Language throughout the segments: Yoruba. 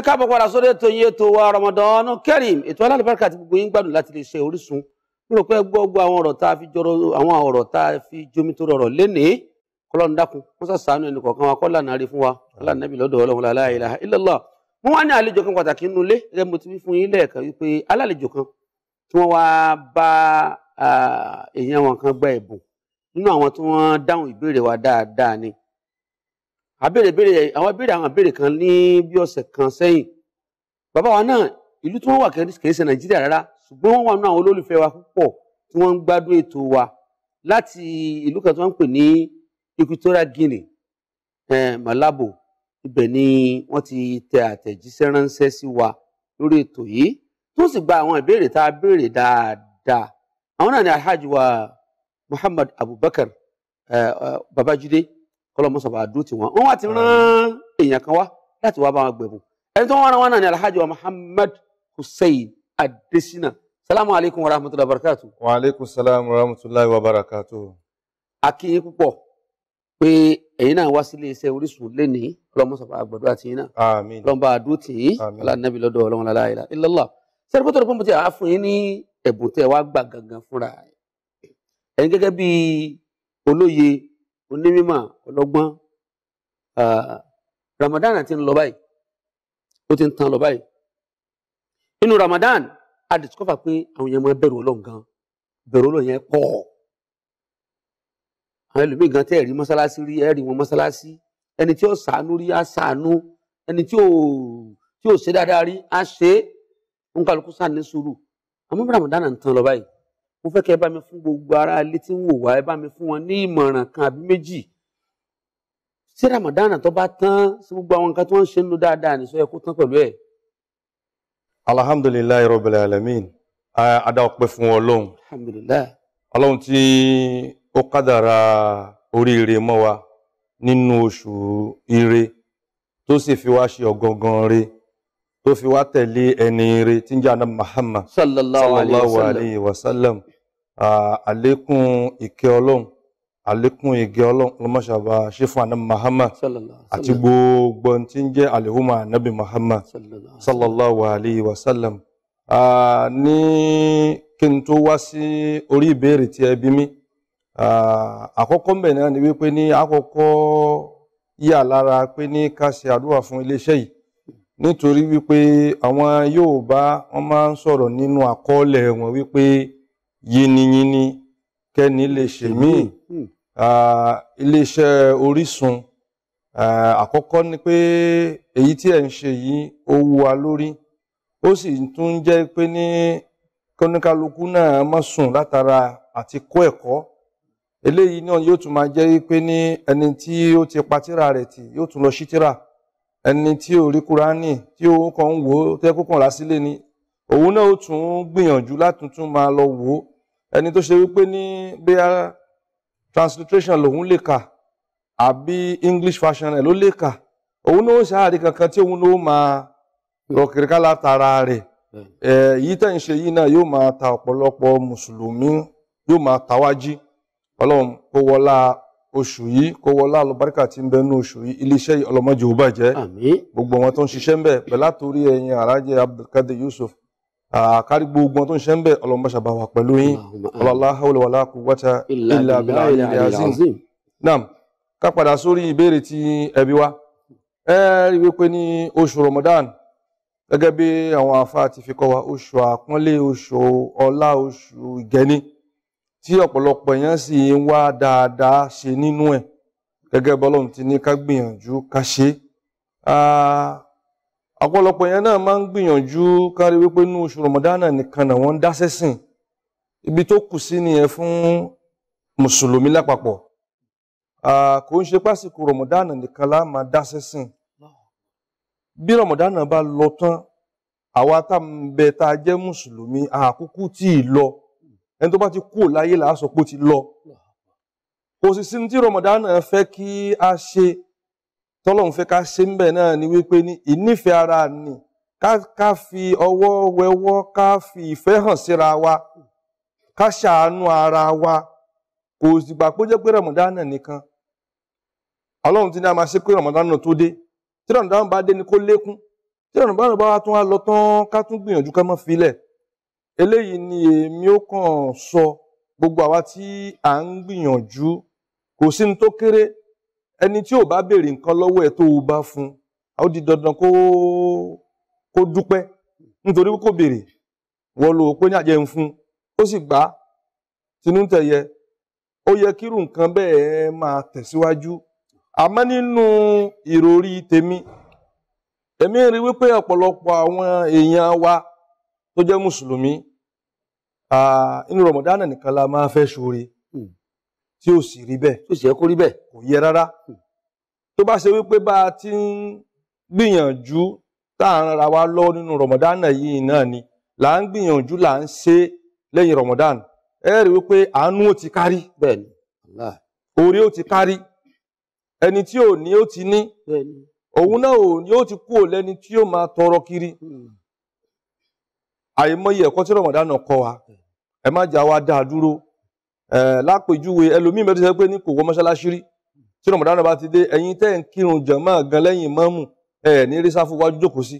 ẹ káàbọ̀ padà sórí ètò yín ètò wa Ramadan Kareem ètò alálùbáríkà tí gbogbo yín gbádùn láti lè ṣe Orísun mo rò pé gbogbo àwọn ọ̀rọ̀ tá a fi jọrọ àwọn ọ̀rọ̀ tá a fi jomi tó rọrọ̀ lénìí kọlọ́run dákun wọ́n sàṣàánú ẹnì kọ̀ọ̀kan wa kọ́là náà rí fún wa kọ́là nàbì lọ́dọ̀ ọlọ́run la ilaha illallah mo wá ní àlejò kan pàtàkì nínú ilé gẹ́gẹ́ mo ti wí fún yín lẹ́ẹ̀kan wípé alálejò kan tí wọ́n wá bá èèyàn wọn kan gba ẹ̀bùn nínú àwọn tí wọ́n dáhùn ìbéèrè wa dáadáa ni àbèrè bèrè àwọn bèrè àwọn àbèrè kan ní bí ọ̀sẹ̀ kan sẹ́yìn bàbá wa náà ìlú tí wọ́n wà kìí ṣe nàìjíríà rárá ṣùgbọ́n wọ́n wà nínú àwọn olólùfẹ́ wa púpọ̀ tí wọ́n ń gbádùn ètò wa láti ìlú kan tí wọ́n ń pè ní Equatorial Guinea eh, Malabo ibẹ̀ ni wọ́n ti tẹ àtẹ̀jíṣẹ́ ránṣẹ́ sí wa lórí ètò yìí tó sì gba àwọn ìbéèrè tá a béèrè dáadáa àwọn náà ni alhaji wa Muhammad Abubakar eh, Babajide kọlọmọsọba dúró tí wọn wọn wá ti rán èèyàn kan wá láti wá bá wọn gbẹ̀bùn ẹni tó ń wọn rán wọn náà ni alhaji wa muhammad hussein adesina salamu alaykum wa rahmatulahi wa barakatu. wa aleykum salaam wa rahmatulahi wa barakatu. a kí yín púpọ̀ pé ẹ̀yin náà wá sílé iṣẹ́ orísun lẹ́nìí kọlọmọsọba àgbàdo àti yín náà àmín kọlọmọba àdúró tì yín alánàbí lọ́dọ̀ ọlọ́run lálẹ́ àyè ilàlá sẹ́ni pé àáfún yín ní ẹ̀bùn tẹ́ wá gbà gangan fúnra ẹ̀yin gẹ́gẹ́ bíi olóye onímọ̀ ọlọ́gbọ́n Ramadan ti ń lọ báyìí ó ti ń tan lọ báyìí nínú Ramadan a discover pé àwọn èèyàn máa bẹ̀rù Ọlọ́run gan bẹ̀rù Ọlọ́run yẹn pọ̀ àwọn ẹlòmíì gan tẹ́ ẹ̀rí mọ́sálásí rí ẹ̀rí wọn mọ́sálásí ẹni tí ó sàánú rí á sàánú ẹni tí ó ṣe dáadáa rí á ṣe é ń kálukú sáà ní sùúrù àmọ́ Ramadan ń tan lọ báyìí mo fẹ́ kẹ́ ẹ bá mi fún gbogbo ará ilé tí ń wò wá ẹ bá mi fún wọn ní ìmọ̀ràn kan àbí méjì ṣé Ramadan tó bá tán sí gbogbo àwọn nǹkan tí wọ́n ń ṣe ń lo dáadáa nìṣó ẹ kó tán pẹ̀lú ẹ̀. alhamdulilayi rabbil alamin ada ọpẹ́ fún Ọlọ́run alhamdulilayi Ọlọ́run tí ó kádàrá oríire mọ́ wa nínú oṣù ire tó sì fi wá ṣe ọ̀gangan re tó fi wá tẹ̀lé ẹni re tí ń jẹ́ àná Muhammad sallallahu alayhi wa sallam àlékún ike ọlọ́run àlékún ìgẹ́ ọlọ́run lọ́mọ́ṣàbà ṣífù ànábì Muhammad àti gbogbo tí ń jẹ́ àlèhùmà ànábì Mahama sallallahu alayhi wa sallam. ní kí n tó wá sí orí ìbéèrè tí ẹ bí mi àkọ́kọ́ mbẹ̀ náà ni wípé ní àkọ́kọ́ yà lára pé ní ká ṣe àdúrà fún iléeṣẹ́ yìí nítorí wípé àwọn Yorùbá wọ́n máa yínníyínní kẹ́ni lè ṣe míì hmm. iléeṣẹ́ Orísun àkọ́kọ́ ni pé èyí tí ẹ̀ ń ṣe yìí ó wú wa lórí ó sì tún jẹ́ pé ní kọ́níkálukú náà má sùn látara àti kọ́ ẹ̀kọ́ eléyìí náà yóò tún máa jẹ́ pé ní ẹni tí ó ti pa tírà rẹ̀ tì yóò tún lọ sí tírà ẹni tí ò rí kúránì tí òun kàn ń wò ó tẹ́ kó kàn ni òun náà ó tún gbìyànjú láti tún máa lọ wò ó ẹni tó ṣe wípé ní bóyá transliteration lòun lè kà àbí English fashion ẹ̀ ló lè kà òun ló ń ṣáàrí kankan tí òun ló máa rọ kìrìkà látara rẹ̀ èyí tẹ̀ ń ṣe yìí náà yóò máa ta ọ̀pọ̀lọpọ̀ mùsùlùmí yóò máa tàwájí ọlọ́run kó wọlá oṣù yìí kó wọlá àlùbáríkà tí ń bẹ nínú oṣù yìí iléeṣẹ́ ọlọ́mọdé ò bàjẹ́ gbogbo wọn tó ń ṣiṣẹ́ ń bẹ̀ pẹ̀lú àtòrí ẹ̀yìn alájẹ Abdulkadir Yusuf Ah, kárí gbogbo tó ń ṣe ń bẹ ọlọ́run báṣà bá wà pẹ̀lú yín ọlọ́lá hawla wala quwwata illa billahi al-azim naam ká padà sórí ìbéèrè tí ẹbí wa ẹ rí wípé ní oṣù Ramadan gẹ́gẹ́ bí àwọn àfáà ti fi kọ́ wa oṣù àpọ́nlé oṣù ọlá oṣù ìgẹ́ni tí ọ̀pọ̀lọpọ̀ èèyàn sì ń wá dáadáa ṣe nínú ẹ̀ gẹ́gẹ́ bọ́lọ́run ti ní ká gbìyànjú ká ṣe ah, ọ̀pọ̀lọpọ̀ yẹn náà máa ń gbìyànjú kárí wípé inú oṣù rọmọdánà nìkan náà wọ́n ń dá sẹ́sìn ibi tó kù sí nìyẹn fún mùsùlùmí lápapọ̀ kò ń ṣe pásìkò rọmọdánà nìkan lá máa dá sẹ́sìn bí rọmọdánà bá lọ tán àwa tá à bẹ tá a jẹ́ mùsùlùmí àkókò tí ì lọ ẹni tó bá ti kú láyé là á sọ pé ó ti lọ kò sì sí ní tí rọmọdánà fẹ́ kí a ṣe. tọ́lọ́run fẹ́ ká ṣe ń bẹ̀ náà ni wípé ní ìnífẹ̀ẹ́ ara ni ká fi ọwọ́ wẹwọ́ ká fi hàn síra wa ká ṣàánú ara wa kò sìgbà pé ó jẹ́ pé rọ̀mọ̀dánà nìkan ọlọ́run ti ní a máa ṣe pé rọ̀mọ̀dánà tó dé tí rọ̀mọ̀dánà bá dé ni kó lékún tí rọ̀mọ̀dánà bá ni èmi ó kàn sọ gbogbo àwa tí à ń gbìyànjú kò sí ẹni tí ò bá béèrè nǹkan lọ́wọ́ ẹ tó o bá fún Ọ di dandan kó kó dúpẹ́ nítorí kó béèrè wọ́n lò ó pé ní àjẹ́ ń fún ó sì gbà tinú tẹ̀yẹ ó yẹ kírú nǹkan bẹ́ẹ̀ máa tẹ̀síwájú àmọ́ nínú ìròrí tèmi èmi rí wípé ọ̀pọ̀lọpọ̀ àwọn èèyàn wa tó jẹ́ mùsùlùmí inú rọ̀mọ̀dánà nìkan la máa fẹ́ ṣoore. tí ò sì rí bẹ́ẹ̀. tó sì yẹ kó rí bẹ́ẹ̀. kò yẹ rárá. tó bá ṣe wípé bá a ti ń gbìyànjú tá à ń ra wa lọ nínú rọmọdánà yìí náà ni là ń gbìyànjú là ń ṣe lẹ́yìn rọmọdán ẹ rí wípé àánú ò ti kárí. bẹ́ẹ̀ni orí ò ti kárí ẹni tí ò ní ó ti ní òun náà ò ní ó ti kú ò lẹ́ni tí ó máa tọrọ kiri hmm. àìmọye ẹ̀kọ́ tí rọmọdánà kọ́ wa ẹ má jà wá dáa dúró. Eh, lápèjúwe ẹlòmíì mẹ́tò sẹ́ pé ní kò wọ mọ́ṣáláṣí rí tí rọ̀mọ̀dá náà bá ti dé ẹ̀yin tẹ́ ń kírun jàmá gan lẹ́yìn mọ́mù ẹ̀ ní rí sáfù wájú jókòó sí.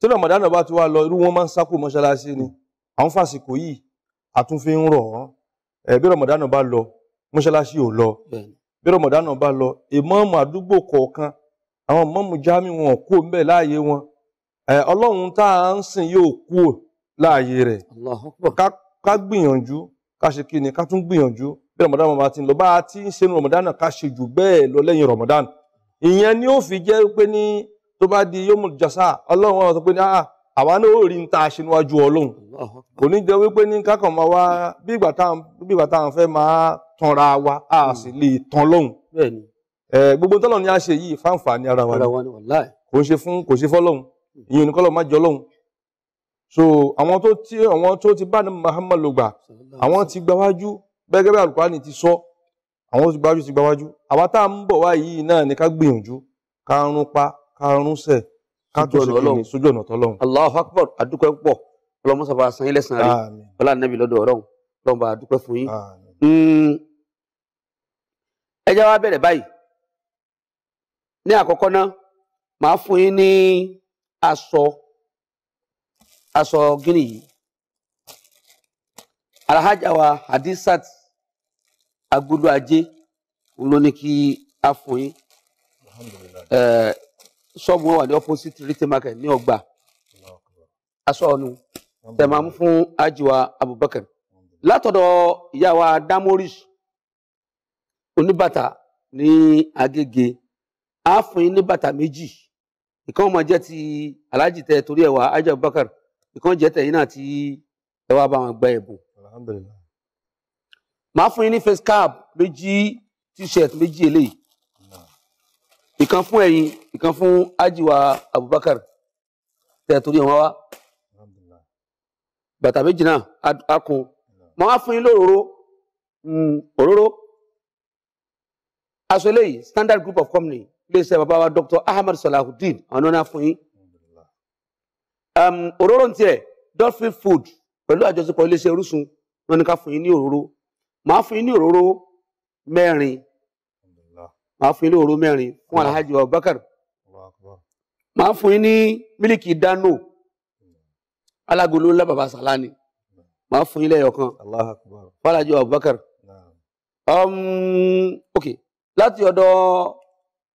tí rọ̀mọ̀dá náà bá ti wá lọ irú wọn máa ń sákò mọ́ṣáláṣí ni àwọn fàsìkò yìí àtúnfi ń rọ̀ ọ́n eh, bí rọ̀mọ̀dá náà bá lọ mọ́ṣáláṣí ò lọ bí rọ̀mọ̀dá náà bá lọ ìmọ̀ọ́mù àdúgbò kọ̀ọ̀kan àwọn mọ̀ọ́mù jámì wọn kú mbẹ́ láàyè wọn eh, ọlọ́run tá à ń sìn yóò kú láàyè rẹ̀ ká gbìyànjú ká ṣe kí ni ká tún gbìyànjú bí Ramadan bá ti ń lọ bá a ti ń ṣe Ramadan náà ká ṣe jù bẹ́ẹ̀ lọ lẹ́yìn Ramadan ìyẹn ni ó fi jẹ́ pé ní tó bá di yomul jasa ọlọ́run wọn sọ pé ní ah àwa náà ó rí n ta ṣe níwájú ọlọ́run kò ní jẹ́ wípé ní kákan máa wá bí ìgbà táwọn fẹ́ máa tanra wa a hmm. sì lè tan lọ́hùn gbogbo tọ́lọ̀ ni a ṣe yìí fáǹfà ní ara wa kò ń ṣe fún kò ṣe fọ́lọ́hùn hmm. ìyẹn oníkọ́lọ́ má jọ lọ́hùn so àwọn tó ti àwọn tó ti bá ní Muhammad ló gbà àwọn ti gbáwájú gẹ́gẹ́ bí alukwani ti sọ àwọn tó ti gbáwájú ti gbáwájú àwa tá à ń bọ̀ wá yìí náà ni ká gbìyànjú ká rún pa ká rún sẹ̀ ká tó ṣe kìíní sójú ọ̀nà tọ́lọ́run. Allahu Akbar adúpẹ́ púpọ̀ ọlọ́mọ sábà san ilé san rí ọlá nàbì lọ́dọ̀ ọ̀rọ̀ ọlọ́mọ adúpẹ́ fún yín. Hmm. ẹ jẹ́ wá bẹ̀rẹ̀ báyìí ní àkọ́kọ́ náà màá fún yín ní aṣọ aṣọ gíní yìí alhaja wa hadisat agudu ajé ló ní kí a fún yín eh, ṣọ́ọ̀bù wọn wà ní opposite retail market ní ọgbà aṣọ ọ̀nù tẹ̀mà fún ajiwa abubakar látọ̀dọ̀ ìyá wa damoris oníbàtà ní agége a fún yín ní bàtà méjì ìkan ọmọ jẹ́ ti alhaji torí ẹ̀ wá ajiwa abubakar ìkan jẹ́ tẹ̀yìn náà tí ẹ wá bá wọn gba ẹ̀bùn. màá fún yín ní face cap méjì t-shirt méjì eléyìí ìkan fún ẹ̀yin ìkan fún ajiwa Abubakar tẹ̀ torí wọn wá bàtà méjì náà á kó mọ fún yín lóróró hmm, òróró aṣọ eléyìí standard group of company iléeṣẹ́ bàbá wa Dr. Ahmed Salahuddin àwọn náà fún yín òróró ní tirẹ̀ dolphin food pẹ̀lú àjọṣepọ̀ iléeṣẹ́ orísun wọn ni ká fún yín ní òróró màá fún yín ní òróró mẹ́rin màá fún yín ní òróró mẹ́rin fún alhaji abubakar màá fún yín ní dano alágolo ńlá baba salani màá fún yín ok láti ọ̀dọ̀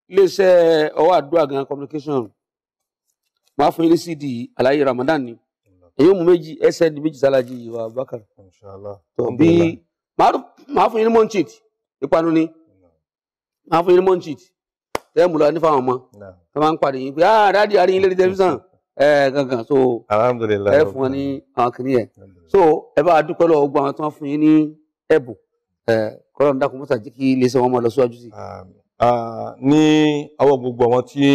iléeṣẹ́ ọwọ́ àdúrà gan communication. màá fún yín ní cd ramadan ni èyí mú méjì ẹsẹ ní méjì sálájì ìwà abubakar tó bí màá fún yín ní monchit ìpanu ni màá fún yín monchit tẹ́ mú lọ ní fáwọn ọmọ tó máa ń pàdé yín pé ah dáàdi àríyìn lórí tẹlifíṣàn ẹ gangan so ẹ fún wọn ní àwọn kìnìyẹ so ẹ bá dúpẹ́ lọ́wọ́ gbogbo àwọn tó wọ́n fún yín ní ẹ̀bùn kọ́lọ́n dákun mọ́tà jẹ́ kí iléeṣẹ́ wọn máa lọ síwájú sí. ní àwọn gbogbo àwọn tí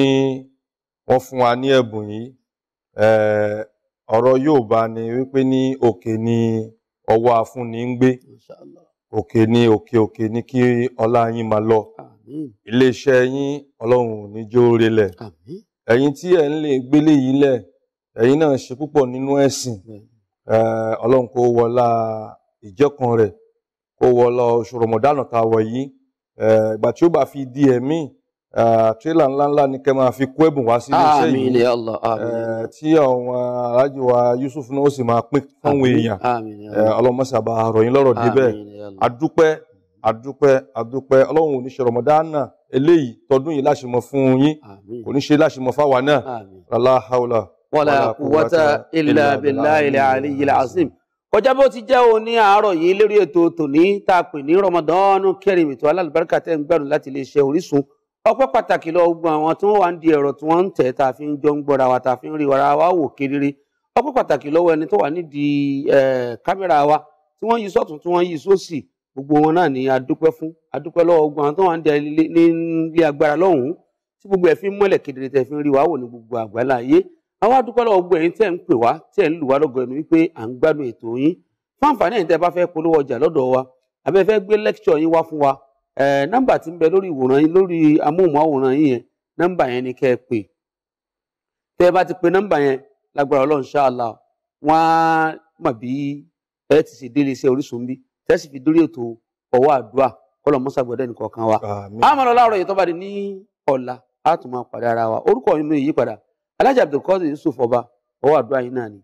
wọ́n fún wa ní ẹ̀bùn yìí eh, ọ̀rọ̀ yóò bá ni wípé ní òkè ni ọwọ́ afúnni ń gbé òkè ni òkè òkè ni kí ọlá yín máa lọ iléeṣẹ́ yín Ọlọ́run ò ní jó relẹ̀ ẹ̀yin tí ẹ̀ ń lè gbélé yìí lẹ̀ ẹ̀yin náà ṣe púpọ̀ nínú ẹ̀sìn eh, Ọlọ́run kó wọlá ìjẹ́kan rẹ̀ kò wọlá oṣù rọmọdánù tá a wọ̀ yìí eh, ìgbà tí ó bá fi di ẹ̀mí tírélà ńláńlá ni kẹ́ máa fi kó ẹ̀bùn wá sí iléeṣẹ́ yìí àmín Allah àmín tí àwọn alájò wa Yusuf náà ó sì máa pín fáwọn èèyàn ọlọmọsàbà àròyìn lọ́rọ̀ débẹ̀ adúpẹ́ adúpẹ́ adúpẹ́ Ọlọ́run ò ní ṣe rọmọdánà eléyìí tọdún yìí láṣìmọ fún yín kò ní ṣe láṣìmọ fáwa náà lálá haúlà wala quwwata illa billahil aliyyil azim kọjá bó ti jẹ́ òní àárọ̀ yìí lórí ètò tòní tá a pè ní Ramadan Kareem ètò alálùbáríkà tẹ́ ń gbẹ̀rún láti iléeṣẹ́ Orísun ọpẹ́ pàtàkì lọ gbọ́n àwọn tí wọ́n wà ń di ẹ̀rọ tí wọ́n ń tẹ̀ tá a fi ń jọ ń gbọ́ra wa tá a fi ń rí wara wa wò kedere ọpẹ́ pàtàkì lọ́wọ́ ẹni tó wà nídìí kámẹ́rà wa tí wọ́n yí sọ́tún tí wọ́n yí sósì gbogbo wọn náà ni adúpẹ́ fún adúpẹ́ lọ́wọ́ gbọ́n àwọn tó wà ń di ilé agbára lọ́hùn tí gbogbo ẹ̀ fi ń mọ́lẹ̀ kedere tẹ̀ fi ń rí wa wò ní gbogbo àgbálá ayé àwa adúpẹ́ lọ́wọ́ gbọ́n ẹ̀yin tẹ̀ ń pè wá tẹ̀ ń lù wá lọ́gọ̀ wa àbẹ́fẹ́ gbé lẹ́kṣọ̀ nọmba ti ń bẹ lórí ìwòran yín lórí amóhùnmáwòrán yín yẹn nọ́mbà yẹn ni kẹ́ ẹ pè ti pe nọmba yẹn lágbára Ọlọ́run ṣáàlà wọn á mọ̀ bí ẹ ti ṣe délé iṣẹ́ Orísun bí tẹ́ sì fi dórí ètò àdúrà kan wa lọ yìí tó bá di ní tún máa padà ara wa orúkọ mi Alhaji Yusuf Ọba àdúrà yìí náà ni